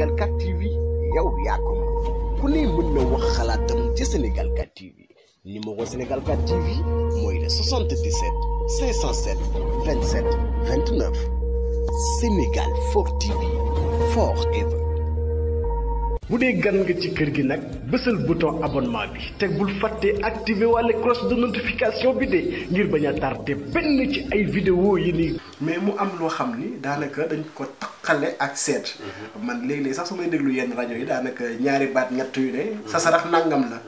Sénégal 4 TV yow yakum. pour ku ne mën na wax xalaatam ci Sénégal 4 TV numéro Sénégal 4 TV moy le 77 507 27 29 Sénégal 4 TV forever. budé gan nga ci kër gi nak bëssal bouton abonnement bi te bul faté activé wàlle cloche de notification bi dé ngir baña a tardé benn ci ay vidéo yi ni mais mu am lo xamni ni daanaka dañ ko takalé ak sét man léeg-léeg sax su déglu yenn rajo yi daanaka ñaari baat ñatt yu ne. sa sarax nangam la.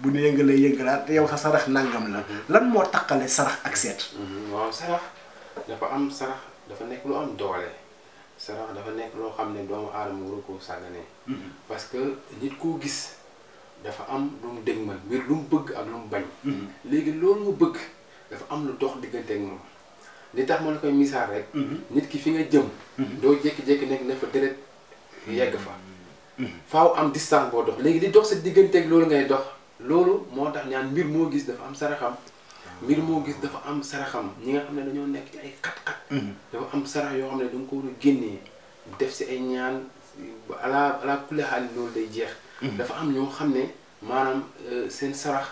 bu ñu yëngalee yëngalaat yow sa sarax nangam la. lan mo takalé sarax ak sét hmm, waaw sarax dafa am sarax dafa nek lu am doolé sarax dafa nekk loo xam ne doomu aadama waru koo sàgganee parce que nit koo gis dafa am lu mu dëgmal mbir lu mu bëgg ak lu mu bañ léegi loolu mu bëgg dafa am lu dox diggante ak moom li tax ma la koy misaal rek nit ki fi nga jëm doo jékki-jékki nekk na fa deret yegg fa faaw am distance boo dox léegi li dox sa diggante ak loolu ngay dox loolu moo tax ñaan mbir moo gis dafa am saraxam mbir moo gis dafa am saraxam ñi nga xam ne dañoo nekk ci ay xat-xat mhm. dafa am sarax yoo xam ne da nga a génnee def si ay ñaan ala ala kulli xaal loolu day jeex mhm. dafa am ñoo xam ne maanaam euh, seen sarax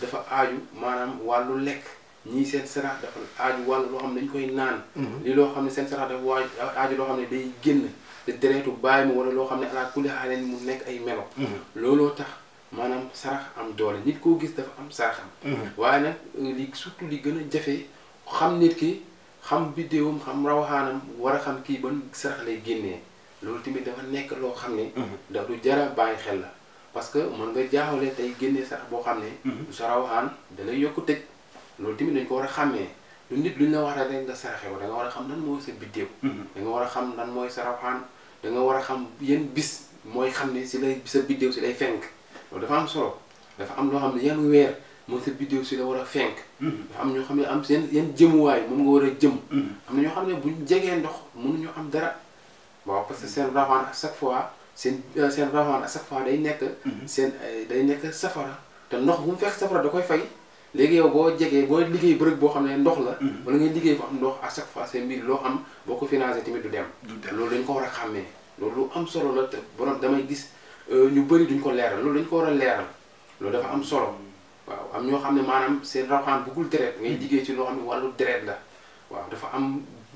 dafa aaju maanaam wàllu lekk ñii seen sarax dafa aaju wàllu xam ne dañ koy naan mhm. lii loo xam ne seen sarax dafa waaj aaju loo xam ne day génn te dereetu bàyyi mu wala loo xam ne ala kulli xaal mu nekk ay melo looloo tax maanaam sarax am doole nit koo gis dafa am saraxam mhm. waaye nag euh, li surtout li gën a jafe xam nit ki xam biddéewam xam rawaxaanam war a xam kii ban sarax lay génnee loolu tamit dafa nekk loo xam ne mhm. da jara bàyyi xel la parce que mën nga jaaxale tey génnee sarax boo xam ne mhm. du sa rawaxaan dalay yokk tëj loolu tamit dañ ko war a xàmmee lu nit lu ñu la wax rek nga saraxe ko da war a xam lan mooy sa biddéew da war a xam nan mooy sa rawaxaan da nga war a xam yan bis mooy xam ne si lay sa biddéew si lay fenk loolu dafa am loo xam ne yan weer mooy sa vidéo si la war a fenk. Mm-hmm. dafa am ñoo xam ne am seen yan jëmuwaay moom nga war a jëm. Mm-hmm. am na xam ne buñ jegee ndox mënuñu am dara waaw parce que seen ravaan à fois seen euh, seen ravaan à chaque day nekk. Mm-hmm. seen euh, day nekk te ndox bu mu fekk da koy fay. léegi yow boo jegee boo liggéey bërëb boo xam ne ndox la. wala ngay liggéey fa am ndox à chaque fois seen mbir loo am boo ko financé tamit du dem. du loolu dañ ko war a xàmmee loolu lu am solo la te borom damay gis. Euh, ñu bëri duñ ko leeral loolu dañ ko war a leeral loolu dafa am solo waaw am ñoo xam ne maanaam seen rawxaan bëggul deret ngay liggéey ci loo xam ne wàllu deret la waaw dafa am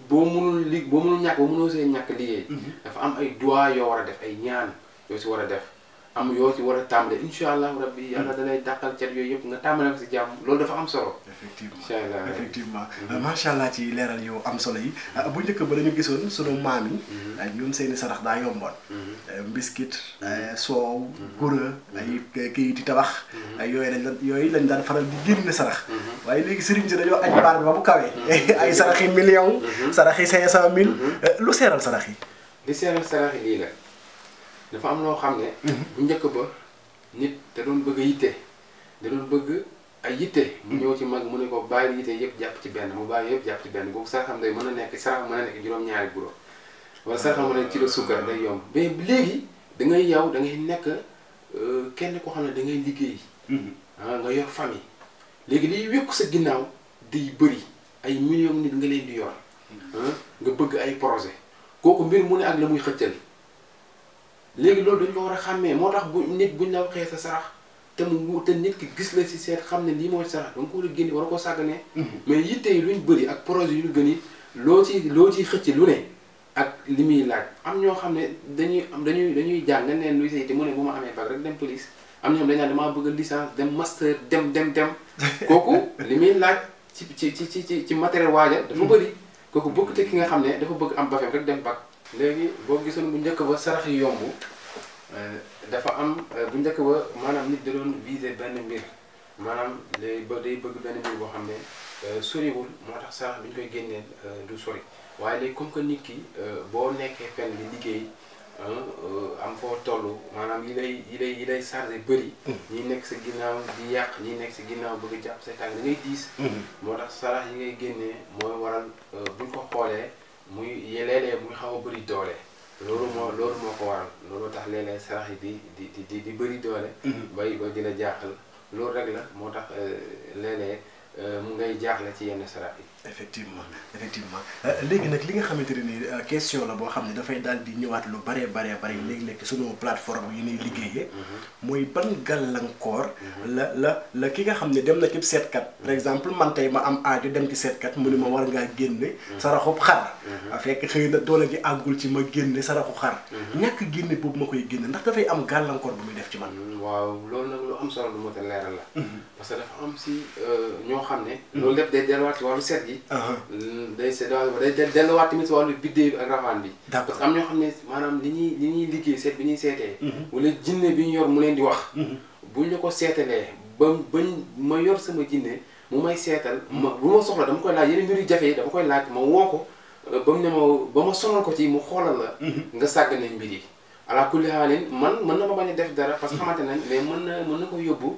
boo mënul li boo mënul ñàkk boo mënoo see ñàkk liggéey mhm. dafa am ay doigt yoo war a def ay ñaan yoo si war a def am yoo ci war a tàmbale incha allah rabbi yàlla da lay dàqal cat yooyu yëpp nga tàmbale ko si jàmm loolu dafa am solo. effectivement incha effectivement mm-hmm. euh, macha allah ci leeral yu am solo yi. Euh, bu njëkk ba dañu gisoon sunu maam yi. Mm-hmm. seeni sarax daa yomboon. Mm-hmm. mbiskit soow. gura ay kayiti tabax. yooyu lañ daan yooyu lañ daan faral di génne sarax. waaye léegi sëriñ si dañoo añ baar bi ba bu kawee. ay sarax yi million. sarax yi cinq cent mille. Euh, lu seeral sarax yi. li seeral sarax dafa am loo xam ne. bu njëkk ba nit te doon bëgg a yitte bëgg ay yitte. mu ñëw ci mag mu ne ko bàyyi yitte yëpp jàpp ci benn mu bàyyi yëpp jàpp ci benn boobu sax xam day mën a nekk sax mën a nekk juróom-ñaari guro wala sax xam ne ci la suukar day yomb mais léegi da ngay yow da ngay nekk euh, kenn koo xam ne dangay ngay liggéey. Mm-hmm. Ah, nga yor famille léegi liy wékk sa ginnaaw di bëri ay millions nit nga leen di yor. Mm-hmm. Ah, nga bëgg ay projet kooku mbir mu ne ak la muy xëccal. léegi loolu dañ ko war a xàmmee moo tax bu nit buñ la waxee sa sarax te mu te nit ki gis la si seet xam ne lii mooy sarax da nga ko war a génne war a ko sàgganee mais yitte yi luñ bëri ak projet yu gën yi loo ci loo ciy xëcc lu ne ak li muy laaj am ñoo xam ne dañuy am dañuy dañuy jàng nga neen luy say te mu ne bu ma amee bac rek dem police am ñoom dañ naan damaa bëgg licence dem master dem dem dem kooku li muy laaj ci ci ci ci ci matériel waaja dafa bëri kooku bëgg te ki nga xam ne dafa bëgg am bafem rek dem bac léegi boo gisoon bu njëkk ba sarax yomb eh, dafa am eh, bu njëkk ba maanaam nit da doon benn mbir maanaam day ba bëgg benn mbir boo xam ne eh, soriwul moo tax sarax bi ñu koy génneel du sori waaye léegi comme que nit ki boo nekkee fenn di liggéey am foo toll maanaam yi lay yi lay yi lay chargé bëri. Mm-hmm. ñi nekk sa ginnaaw bi yàq ñi nekk sa ginnaaw bëgg a jàpp sa tànk da ngay diis. Mm-hmm. moo tax sarax yi ngay génnee mooy waral buñ ko xoolee. muy léeg-léeg muy xaw a bëri doole loolu moo loolu moo ko waral loolu tax léeg-léeg sarax yi di di di di bëri doole. Mhm. bay ba dina jaaxal loolu rek la moo tax euh, léeg-léeg euh, mu ngay jaaxle ci yenn sarax yi. effectivement effectivement euh, léegi nak li nga xamante ni euh, question la bo xam da fay daal di ñëwaat lu bare bare bare mhm. léegi-léegi sunu plateforme yi ni mhm. liggéeyé mhm. moy ban galankor la la la ki nga xam dem na ci kat par exemple man tay ma am aaju dem ci seetkat mu ne ma war ngaa génne. saraxub xar. Ah, fekk xëy na doole gi àggul ci ma génne saraxu xar. ñàkk génne boobu ma koy génne ndax da fay am galankor bu muy def ci man. waaw loolu nag lu am solo lu mot a leeral la. Mhm. parce que dafa am si euh, ñoo xam ne. loolu lépp day delluwaat ci wàllu set gi. Uh-huh. Mm, day seet day delluwaat tamit si wàllu biddéew bi ak ravaan bi. parce que am ñoo xam ne maanaam li ñuy li ñuy liggéey seet bi ñuy seetee. Mhm. wala jinne bi ñu yor mu leen di wax. Mhm. bu ñu ko seetalee ba bañ ma yor sama jinne mu may seetal. ma bu ma soxla dama koy laaj yeneen mbir yu jafe dama koy laaj ma woo ko ba mu ne ma ba ma sonal ko ci mu xoolal la. sàgg nañ mbir yi. ala kulli haalin man mën na ma bañ def dara parce que xamante nañ mais mën na mën na ko yóbbu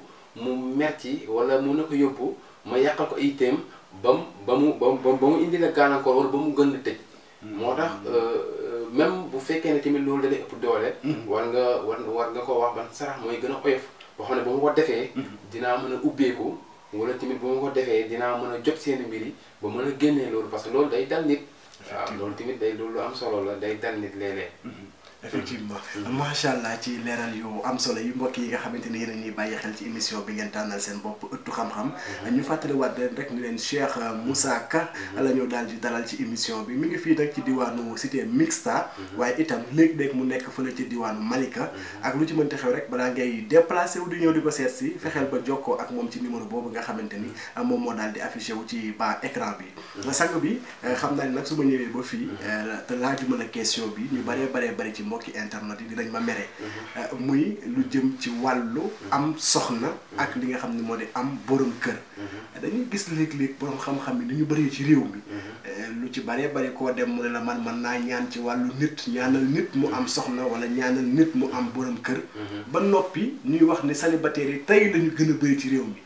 mu merti wala mun na ko yóbbu ma yàq ko itam ba mu ba mu ba mu indi la gàllankoor wala ba mu gën a tëj. Hmm. moo tax euh, euh, même bu fekkee ne tamit loolu da lay ëpp doole. Hmm. war nga war war nga ko wax ban sarax mooy gën a oyof boo xam ne ba ma ko defee. Hmm. dinaa mën a ubbeeku wala tamit ba ma ko defee dinaa mën a jot seen mbir yi ba mën a génnee loolu parce que loolu day dal nit. waaw loolu tamit day loolu am solo la day dal effectivement macha allah ci leeral yu am solo yu mbokk yi nga xamante ni yéen a ñuy bàyyi xel ci émission bi ngeen tànnal seen bopp ëttu xam-xam. Mhm. ñu fàttaliwaat leen rek ni leen Cheikh euh, Moussa Ka mhm. la ñu daal di dalal ci émission bi mi fii nag ci diwaanu cité mixta mhm. waaye itam léeg-léeg mu nekk fële ci diwaanu Malika. ak lu ci mënti xew rek balaa ngay déplacé wu di ñëw di ko seet si fexeel ba jokkoo ak moom ci numéro boobu nga xamante ni moom moo daal di affiché wu ci bas écran bi. sang bi euh, xam naa ne nag su ma ñëwee ba fii euh, te laajuma a question bi ñu baree baree bari mbokki internet yi dinañ ma mere. Mhm. Euh, muy lu jëm ci wàllu. Mhm. am soxna. ak li nga xam ne moo di am borom kër. Mhm. dañuy gis léeg-léeg borom xam-xam yi ni ñu bëree ci réew mi. Euh, lu ci bëree bëri koo dem mu ne la man man naa ñaan ci wàllu nit ñaanal nit mu am soxna wala ñaanal nit mu am borom kër. ba noppi ñuy wax ne célibataire yi tey la gën a bëri ci réew mi.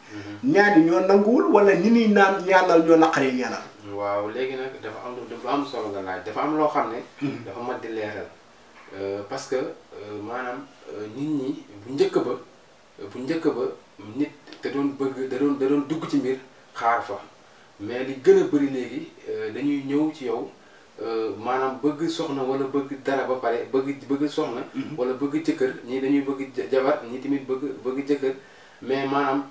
ñaan yi ñoo nanguwul wala ñi niy naan ñaanal ñoo naqaree ñaanal. waaw léegi nag dafa am dafa am sol nga laaj dafa am loo xam ne. dafa mat Euh, parce que euh, maanaam euh, nit ñi bu njëkk ba bu njëkk ba nit da doon bëgg da doon dugg ci mbir xaar fa mais li gën a bëri léegi dañuy ñëw ci yow maanaam bëgg soxna wala bëgg dara ba pare bëgg bëgg soxna. Mhm. wala bëgg jëkkër ñii dañuy bëgg jabar ñii tamit bëgg bëgg jëkkër mais maanaam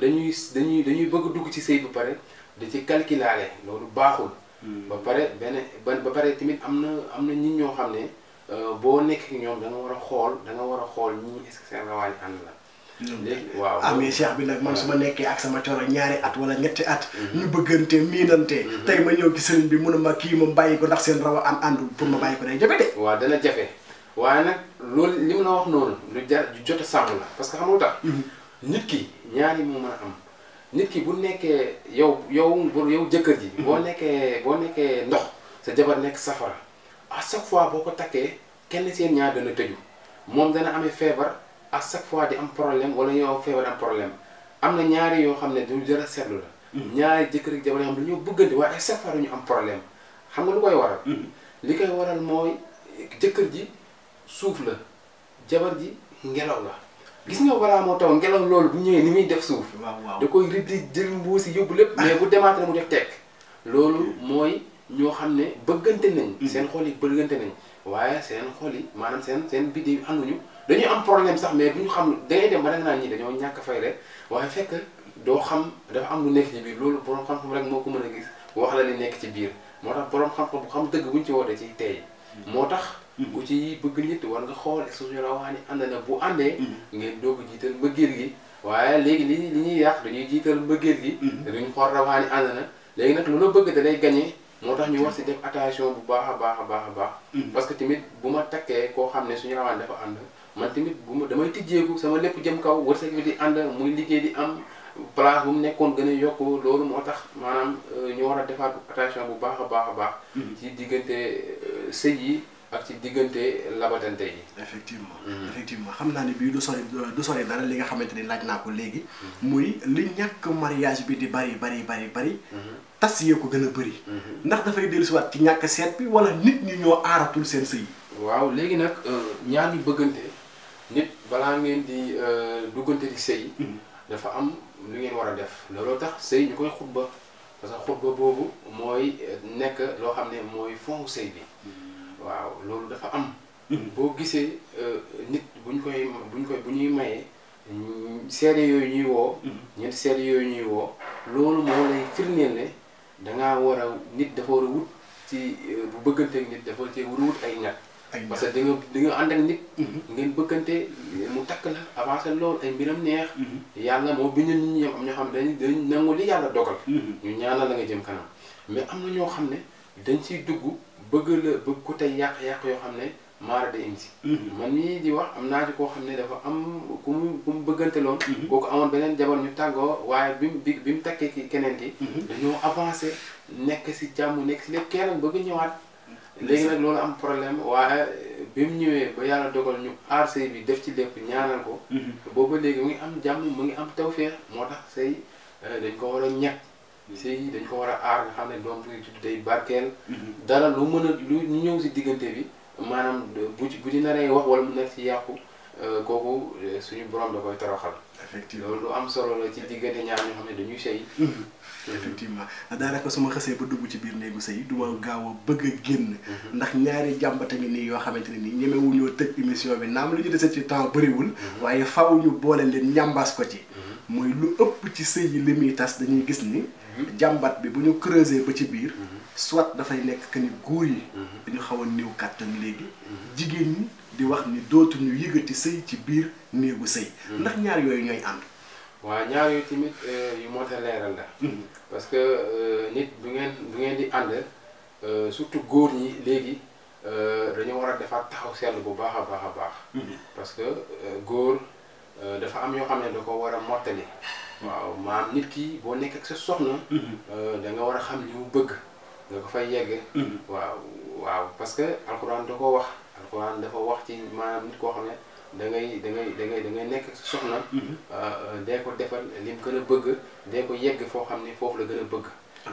dañuy dañuy dañuy bëgg dugg ci sëy ba pare da ci calculaale loolu baaxul. Mhm. ba pare benn ba pare tamit am na am na nit ñoo xam ne. Euh, boo nekk ñoom da war a xool da war a xool ñii est-ce que seen rawaay ànd la. waaw ah mais cheikh bi nag man su ma nekkee ak sama coro ñaari at wala ñetti at mhm. ñu bëggante miinante mhm. tey ma ñëw ci sëriñ bi mun a ma kii ma bàyyi ko ndax seen raw am àndul pour ma mhm. bàyyi ko day jafe de waaw dana jafe waaye nag loolu li mu la wax noonu lu jar ju jot a sàmm la parce que xam nga tax nit ki ñaari mu mën a am nit ki bu nekkee yow yow yow jëkkër ji boo nekkee boo nekkee ndox sa jabar nekk safara à chaque fois boo ko takkee kenn seen ñaar dana tëju moom dana amee feebar à chaque fois di am problème wala ñoo feebar am problème am na ñaari yoo xam ne du dara seetlu la. Hmm. ñaari jëkkër ak jabar yoo xam ne ñoo bëggante am problème xam nga koy waral. Hmm. li koy waral mooy jëkkër ji suuf la jabar ji ngelaw la. gis nga balaa moo taw ngelaw loolu bu ñëwee ni muy def suuf. da koy rëdd jël mbuusi yóbbu lépp. mais bu demaat na mu def tekk loolu hmm. mooy. ñoo xam ne bëggante nañ. Mm-hmm. seen xol yi bëggante nañ waaye seen xol yi maanaam seen seen biddew yi ànduñu dañuy am problème sax mais bu ñu xam da ngay dem ba da nga naan ñii dañoo ñàkk fay rek waaye fekk doo xam dafa am lu nekk loolu borom xam rek moo ko mën a gis wax la nekk ci biir moo tax borom xam-xam xam dëgg buñ ci wootee ci tey mm-hmm. moo tax. bu mm-hmm. ci bëgg nit war nga xool suñu rawaani ànd na bu àndee. ngeen doo a jiital mbëggeel gi. waaye léegi li li ñuy yàq dañuy jiital mbëggeel gi. te duñ xool rawaani ànd na léegi nag lu bëgg da lay gagné moo tax ñu war si def attention bu baax a baax a baax a baax. Mm. parce que tamit bu ma takkee koo xam ne suñu rawaan dafa ànd man tamit bu ma damay tijjeeku sama lépp jëm kaw wërsëg mi di ànd muy liggéey di am place bu mu nekkoon gën a yokk loolu moo tax maanaam euh, ñu war a defaat attention bu baax a baax a baax. Mm. ci diggante euh, sëy yi. ak ci diggante labatante yi. effectivement mm. effectivement xam naa ne bii du sori du sori dara li nga xamante ni laaj naa ko léegi. Mm. muy li ñàkk mariage bi di bari bari bari bari. Mm-hmm. tas yee ko gën a bëri. Mm-hmm. ndax dafay dellusiwaat ci ñàkk seet bi wala nit ñi ñoo aaratul seen sëy. waaw léegi nag euh, ñaar yu bëggante nit balaa ngeen di euh, duggante di sëy. Mm-hmm. dafa am lu ngeen war a def looloo tax sëy ñu koy xutba parce que xutba boobu mooy euh, nekk loo xam ne mooy fond sëy bi. waaw loolu dafa am. Hmm. boo gisee euh, nit buñ koy ñu koy bu ñuy mayee seede yooyu ñuy woo. Hmm. ñeenti seede yooyu ñuy woo loolu moo lay firndeel ne dangaa war a nit dafa war a wut ci euh, bu bëgganteeg nit dafa cee war a wut ay ñàkk. parce que da nga da nga ànd ak nit. Hmm. ngeen bëggante mu takk la avancé loolu ay mbiram neex. yàlla moo bind nit ñi am ñoo xam ne dañuy dañuy nangu li yàlla dogal. ñu ñaanal la nga jëm kanam mais am na ñoo xam ne. dañ ciy dugg bëgg la bëgg ko tey yàq-yàq yoo xam ne maara day si mm-hmm. man mii di wax am naa ci koo xam ne dafa am ku mu ku mu bëggante loon mm-hmm. kooku amoon beneen jabar ñu tàggoo waaye bi mu bi mu takkee ki keneen ki mm-hmm. dañoo avancé nekk si jàmm nekk si lépp keneen bëgg ñëwaat léegi nag loolu am problème waaye bi mu ñëwee ba yàlla dogal ñu aar sëy bi def ci lépp ñaanal ko booba léegi mu ngi am jàmm mu ngi am tew tawféex moo tax sëy euh, dañ ko war a ñàkk sëy yi dañ ko war a aar nga xam ne doom bi judd day barkeel. Mhm. dara lu mën a lu ñëw si diggante bi maanaam bu ci bu ci naree wax wala mu nar ci yàqu euh, kooku euh, suñu borom da koy toroxal. effectivement loolu lu am solo la ci diggante ñaar yoo xam ne dañuy sëy. Mhm. effectivement daanaka su ma xasee ba dugg ci biir néegu sëy du ma gaaw a bëgg a génn. Mhm. ndax ñaari jàmbata ngi nii yoo xamante ne nii ñemewuñoo tëj émission bi naam lu ñu dese ci temps bëriwul. waaye faaw ñu boole leen ñambaas ko ci. mooy lu ëpp ci sëy yi li muy tas dañuy gis ni mhm. jàmbat bi bu ñu creuser ba ci biir mhm. soit dafay nekk que nit góor yi mhm. dañu xaw a kàttan léegi jigéen ñi di wax ni dootuñu yëgati sëy ci biir néegu sëy ndax ñaar yooyu ñooy ànd waa ñaar yooyu tamit euh, yu moo tax leeral la parce que euh, nit bu ngeen bu ngeen di ànd euh, surtout góor ñi léegi dañoo war a defaat taxaw seetlu bu baax a baax a baax parce que góor Euh, dafa am yoo xam ne da ko war a mottali waaw maam nit kii boo nekk ak sa soxna mhm. euh, da nga war a xam ni mu bëgg nga ko fay yegg mhm. waaw waaw parce que alxuraan da ko wax alxuraan dafa wax ci maanaam nit koo xam ne da ngay da ngay da ngay da ngay nekk ak sa soxna mhm. euh, dee ko defal li mu gën a bëgg dee ko yegg foo xam ne foofu la gën a bëgg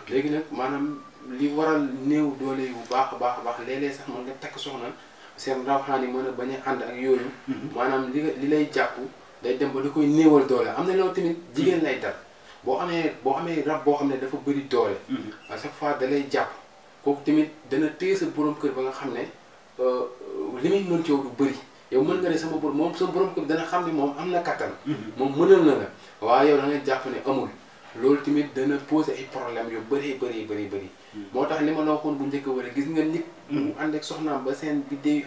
léegi nag maanaam li waral néew doole yu baax a baax a baax léeg-léeg sax mën nga takk soxna seen rawaxaan yi mën a bañ a ànd ak yooyu maanaam li lay jàpp day dem ba lu koy néewal doole am na loolu tamit jigéen lay dal boo amee boo xamee rab boo xam ne dafa bëri doole mm-hmm. à chaque fois da jàpp kooku tamit dana téye sa borom kër ba nga xam ne euh, li muy mën ci yow du yow mën nga ne sama borom moom sama borom kër dana xam ne moom am na kattan mm-hmm. moom mënal na la waaye yow da nga jàpp ne amul loolu tamit dana posé ay problème yu bëree bëri bëri bëri mm-hmm. moo tax li ma la waxoon bu njëkk wala gis nga nit mu ànd ak soxnaam ba seen biddéew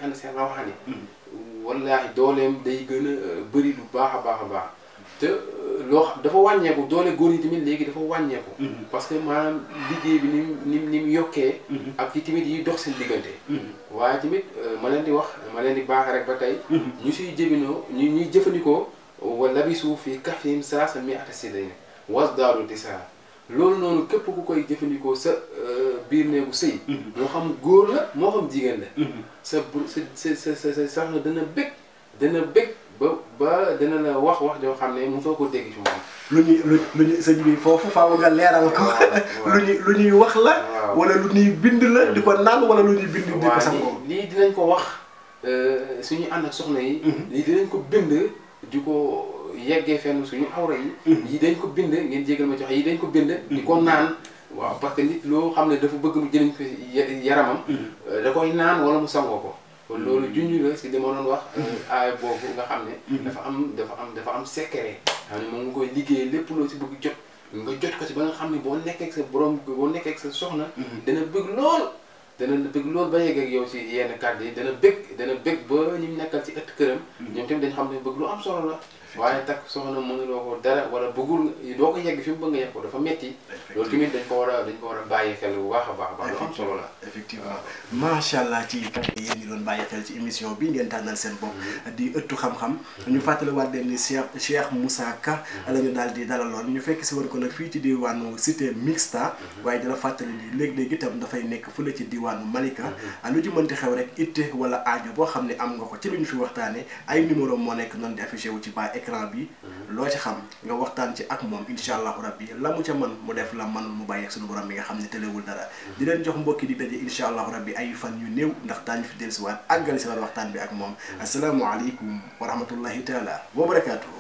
wallaahi dooleem day gën a euh, bëri lu baax a baax a baax te euh, loo xam dafa wàññeeku doole góor yi tamit léegi dafa wàññeeku. Mhm. parce que maanaam liggéey bi nim nim ni mu yokkee. Mhm. ak ci tamit yi dox seen diggante. Mhm. waaye tamit euh, ma leen di wax ma leen di baax rek ba tey. ñu siy jëbinoo ñu ñuy jëfandikoo wala bi suuf fii kafim saa sa mi at a séddale was daaru di saa loolu noonu képp ku koy jëfandikoo sa biir néegu sëy moo xam góor la moo xam jigéen la sa sa sa sa sa sax na dana bëgg dana bëgg ba ba dana la wax wax joo xam ne mosoo ko dégg ci moom lu ñuy lu lu ñuy sëñ bi foofu faaw nga leeral ko lu ñuy lu ñuy wax la wala lu ñuy bind la di ko naan wala lu ñuy bind di ko sax ko lii dinañ ko wax suñuy ànd ak soxna yi lii dinañ ko bind di ko yeggee fenn suñu awra yi. Mm-hmm. yi dañ ko bind ngeen jégal ma joxe yi dañ ko bind. Mm-hmm. di ko naan waaw parce que nit loo xam ne dafa bëgg mu jëliñ ko yaramam. Mm-hmm. Euh, da naan wala mu sangoo ko. loolu junj la si li ma doon wax. Euh, aay nga xam ne. dafa am dafa am dafa am secret. xam ne moom nga koy liggéey lépp loo si bëgg jot. nga jot ko si ba nga xam ne boo nekkee ak sa borom boo nekkee ak sa soxna. dana bëgg lool. dana bëgg loolu ba yegg ak yow si yenn kàddu yi dana bëgg dana bëgg ba ñu nekkal ci ëtt këram. ñoom tamit dañ xam ne bëgg lu am solo la. waaye takk soxna mënuloo ko dara wala bëggul doo ko yegg fi mu bëgg nga yegg ko dafa metti loolu tamit dañ ko war a dañ ko war a bàyyi xel bu baax a baax solo la effectivement macha allah ci yéen ñi doon bàyyi xel ci émission bi ngeen seen bopp mhm. di ëttu xam-xam mhm. ñu fàttaliwaat leen ni Cheikh Cheikh Moussa Ka mhm. la ñu daal di dalaloon ñu fekk si woon ko nag fii ci diwaanu cité mixta waaye dala fàttali ni léeg-léeg itam dafay nekk fële ci diwaanu Malika lu ci mënti xew rek itte wala aajo boo xam ne am nga ko ci lu ñu fi waxtaane ay numéro moo nekk noonu di affiché wu ci baa écran bi loo ci xam nga waxtaan ci ak moom incha allahu bi la mu ca mën mu def la mënul mu bàyyi ak suñu borom bi nga xam ne tëlewul dara di leen jox mbokki di daje incha allahu bi ay fan yu néew ndax daañu fi dellusiwaat àggal si waat waxtaan bi ak moom mm-hmm. asalaamualeykum wa rahmatullahi taala wa barakaatuhu